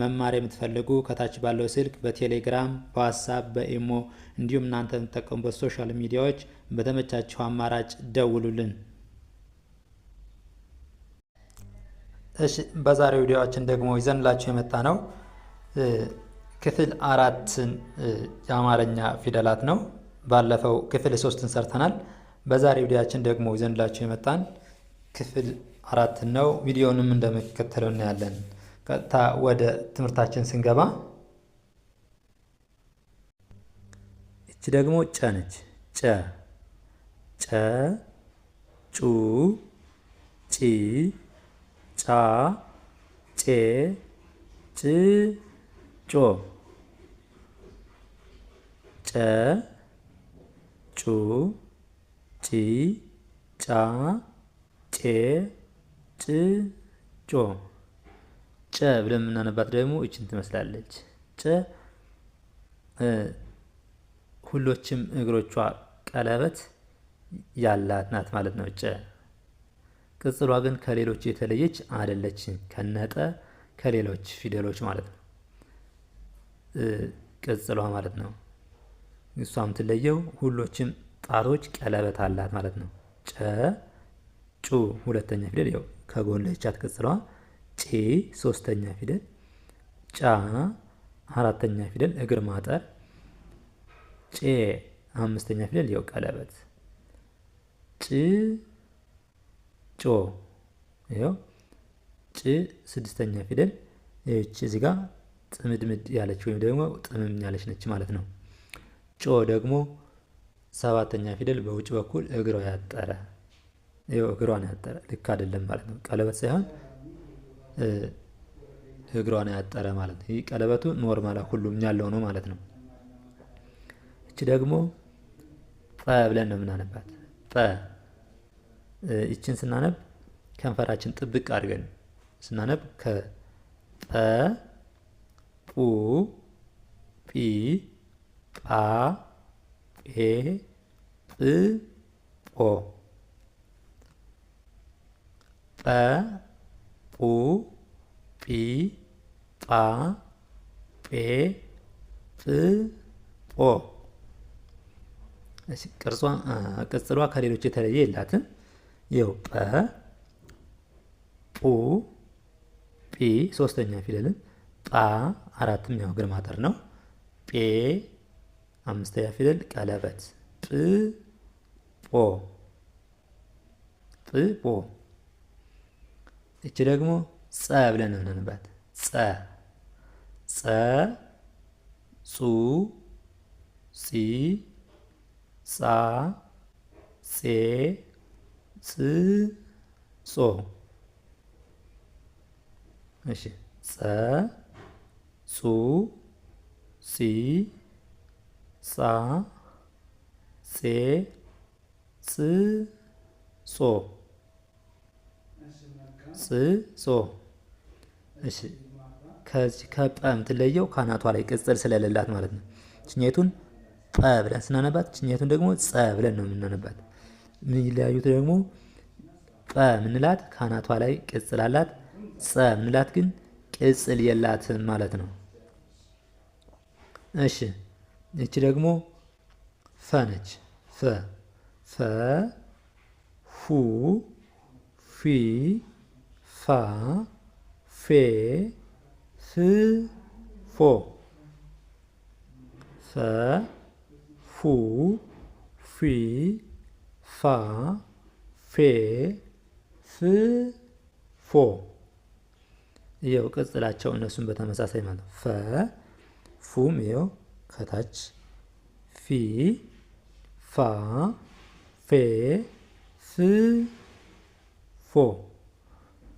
መማር የምትፈልጉ ከታች ባለው ስልክ በቴሌግራም በዋትሳፕ በኢሞ እንዲሁም እናንተ የምትጠቀሙበት ሶሻል ሚዲያዎች በተመቻቸው አማራጭ ደውሉልን። እሺ በዛሬው ቪዲዮችን ደግሞ ይዘንላችሁ የመጣ ነው ክፍል አራትን የአማርኛ ፊደላት ነው። ባለፈው ክፍል ሶስትን ሰርተናል። በዛሬ ቪዲዮችን ደግሞ ይዘንላችሁ የመጣን ክፍል አራትን ነው። ቪዲዮንም እንደሚከተለው እናያለን። ቀጥታ ወደ ትምህርታችን ስንገባ እቺ ደግሞ ጨ ነች። ጨ ጨ ጩ ጪ ጫ ጬ ጭ ጮ ጨ ጩ ጪ ጫ ጬ ጭ ጮ ጨ ብለን የምናነባት ደግሞ እችን ትመስላለች። ጨ ሁሎችም እግሮቿ ቀለበት ያላት ናት ማለት ነው። ጨ ቅጽሏ ግን ከሌሎች የተለየች አይደለችም። ከነጠ ከሌሎች ፊደሎች ማለት ነው ቅጽሏ ማለት ነው። እሷ የምትለየው ሁሎችም ጣቶች ቀለበት አላት ማለት ነው። ጨ ጩ ሁለተኛ ፊደል ው ከጎን ለቻት ቅጽሏ ጪ ሶስተኛ ፊደል ጫ አራተኛ ፊደል እግር ማጠር ጬ አምስተኛ ፊደል የው ቀለበት ጭ ጮ ይኸው ጭ ስድስተኛ ፊደል ይህች እዚህ ጋር ጥምድምድ ያለች ወይም ደግሞ ጥምም ያለች ነች ማለት ነው። ጮ ደግሞ ሰባተኛ ፊደል በውጭ በኩል እግሯ ያጠረ ይኸው እግሯን ያጠረ ልክ አይደለም ማለት ነው። ቀለበት ሳይሆን እግሯን ያጠረ ማለት ነው። ይህ ቀለበቱ ኖርማል ሁሉም ያለው ነው ማለት ነው። እቺ ደግሞ ጠ ብለን ነው የምናነባት። ጠ እችን ስናነብ ከንፈራችን ጥብቅ አድርገን ስናነብ ከጠ ጡ ጲ ጳ ጴ ጵ ጶ ጠ ጱ ጲ ጳ ጴ ጵ ጶ ቅርጿ ቅጽሏ ከሌሎች የተለየ የላትም። ይኸው ጰ ጱ ጲ ሶስተኛ ፊደልን ጳ አራትም ያው ግርማ ጠር ነው። ጴ አምስተኛ ፊደል ቀለበት ጵ ጶ ጵ ጶ እቺ ደግሞ ፀ ብለን እንንባት። ጸ ጸ ጹ ጺ ጻ ጼ ጽ ጾ። እሺ ጸ ጹ ጺ ጻ ጼ ጽ ጾ ጽጾ እሺ ከዚህ ከጰ የምትለየው ካናቷ ላይ ቅጽል ስለሌላት ማለት ነው። ችኛይቱን ጰ ብለን ስናነባት፣ ችኛይቱን ደግሞ ጸ ብለን ነው የምናነባት። የሚለያዩት ደግሞ ጰ ምንላት ካናቷ ላይ ቅጽል አላት፣ ጸ ምንላት ግን ቅጽል የላትም ማለት ነው። እሺ እቺ ደግሞ ፈ ነች። ፈ ፈ ሁ ፊ ፋ ፌ ፍ ፎ ፈ ፉ ፊ ፋ ፌ ፍ ፎ ይኸው ቅጽላቸው እነሱን በተመሳሳይ ማለት ነው። ፈ ፉም ይኸው ከታች ፊ ፋ ፌ ፍ ፎ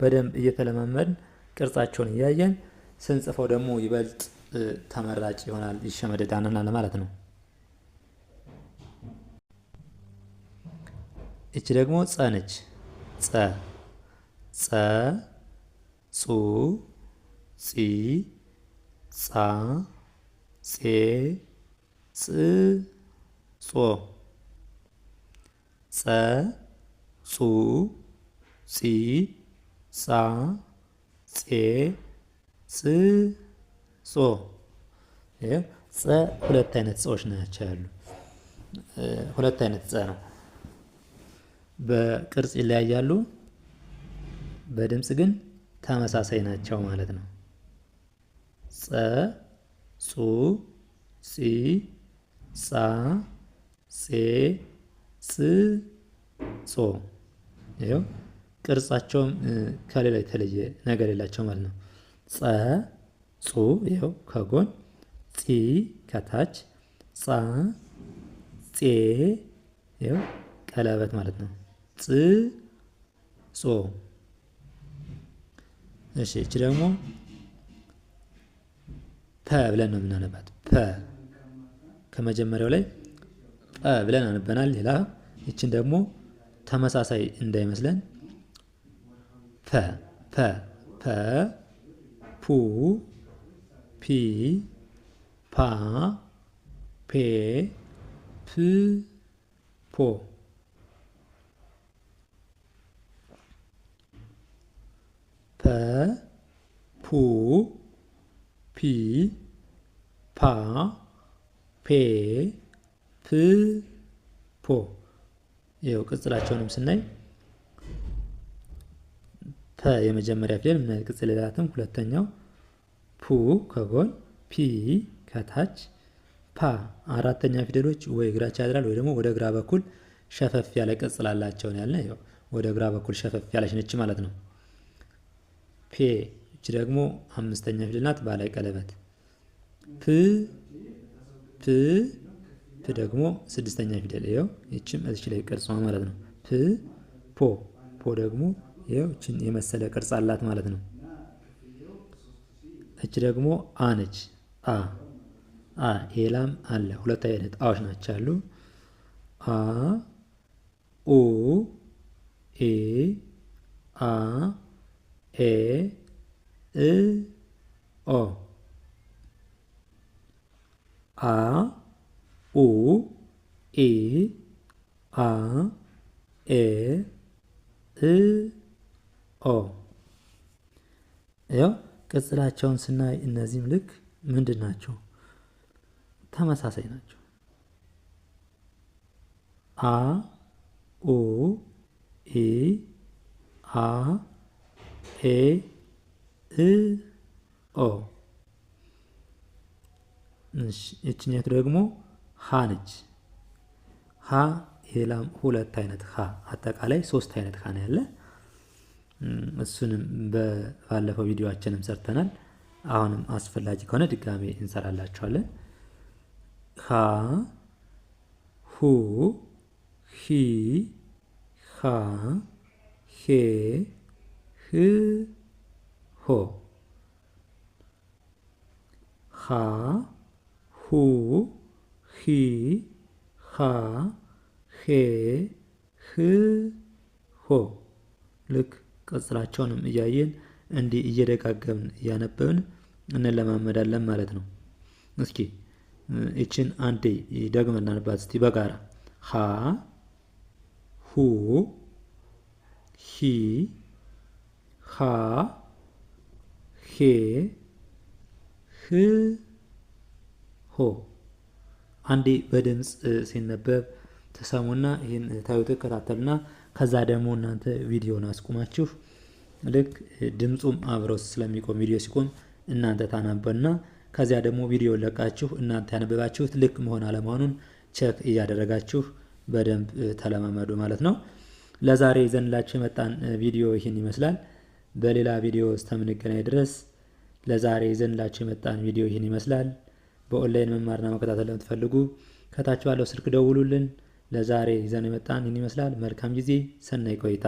በደንብ እየተለማመድን ቅርጻቸውን እያየን ስንጽፈው ደግሞ ይበልጥ ተመራጭ ይሆናል፣ ይሸመደዳናል ማለት ነው። እቺ ደግሞ ጸ ነች። ጸ ጸ ጹ ጺ ጻ ጼ ጽ ጾ ጸ ጹ ጺ ጻ ጼ ጽ ጾ ጸ ሁለት አይነት ጾዎች ናቸው ያሉ። ሁለት አይነት ጸ ነው። በቅርጽ ይለያያሉ፣ በድምፅ ግን ተመሳሳይ ናቸው ማለት ነው። ጸ ጹ ጺ ጻ ጼ ጽ ጾ ቅርጻቸውም ከሌላ የተለየ ነገር የላቸው ማለት ነው። ጸ ጹ ይኸው ከጎን ጺ ከታች ጻ ጼ ይኸው ቀለበት ማለት ነው። ጽ ጾ። እሺ እቺ ደግሞ ፐ ብለን ነው የምናነባት። ፐ ከመጀመሪያው ላይ ፐ ብለን አንበናል። ሌላ ይችን ደግሞ ተመሳሳይ እንዳይመስለን 태, 태, 태, 푸, 비, 파, 배, 프, 포. 배, 푸, 비, 파, 배, 프, 포. 예, 그 끝을 아치오는 무슨 날? ተ የመጀመሪያ ፊደል ምን ቅጽል ላትም። ሁለተኛው ፑ ከጎን ፒ ከታች ፓ አራተኛ ፊደሎች ወይ እግራቸው ያድራል ወይ ደግሞ ወደ ግራ በኩል ሸፈፍ ያለ ቅጽል አላቸው ነው ያለ። ያው ወደ ግራ በኩል ሸፈፍ ያለች ነች ማለት ነው። ፔ እቺ ደግሞ አምስተኛ ፊደል ናት፣ ባለ ቀለበት። ፕ ፕ ፕ ደግሞ ስድስተኛ ፊደል ይኸው፣ እቺም እዚች ላይ ቅርጽ ማለት ነው። ፕ ፖ ፖ ደግሞ ይችን የመሰለ ቅርጽ አላት ማለት ነው። እች ደግሞ አ ነች። አ አ ኤላም አለ። ሁለት አይነት አዎች ናቸው ያሉ አ ኡ ኤ አ ኤ እ ኦ አ ኡ ኤ አ ኤ እ ኦ ያው ቅጽላቸውን ስናይ እነዚህም ልክ ምንድን ናቸው? ተመሳሳይ ናቸው። አ ኡ ኢ አ ኤ እ ኦ። እችኛቱ ደግሞ ሀ ነች። ሀ የላም ሁለት አይነት ሀ አጠቃላይ ሶስት አይነት ሀ ነው ያለ እሱንም ባለፈው ቪዲዮችንም ሰርተናል። አሁንም አስፈላጊ ከሆነ ድጋሜ እንሰራላችኋለን። ሃ ሁ ሂ ሃ ሄ ህ ሆ ሃ ሁ ሂ ሃ ሄ ህ ሆ ልክ ቅጽላቸውንም እያየን እንዲህ እየደጋገምን እያነበብን እንለማመዳለን ማለት ነው። እስኪ ይችን አንዴ ደግመን እናንባት እስቲ በጋራ ሀ ሁ ሂ ሃ ሄ ህ ሆ አንዴ በድምፅ ሲነበብ ትሰሙና ይህን ታዩት ትከታተሉና ከዛ ደግሞ እናንተ ቪዲዮን አስቁማችሁ ልክ ድምፁም አብረው ስለሚቆም ቪዲዮ ሲቆም እናንተ ታናበና ከዚያ ደግሞ ቪዲዮ ለቃችሁ እናንተ ያነበባችሁት ልክ መሆን አለመሆኑን ቸክ እያደረጋችሁ በደንብ ተለማመዱ ማለት ነው። ለዛሬ ዘንላችሁ የመጣን ቪዲዮ ይህን ይመስላል። በሌላ ቪዲዮ እስከምንገናኝ ድረስ ለዛሬ ዘንላችሁ የመጣን ቪዲዮ ይህን ይመስላል። በኦንላይን መማርና መከታተል ለምትፈልጉ ከታች ባለው ስልክ ደውሉልን። ለዛሬ ይዘን የመጣን ይህን ይመስላል። መልካም ጊዜ፣ ሰናይ ቆይታ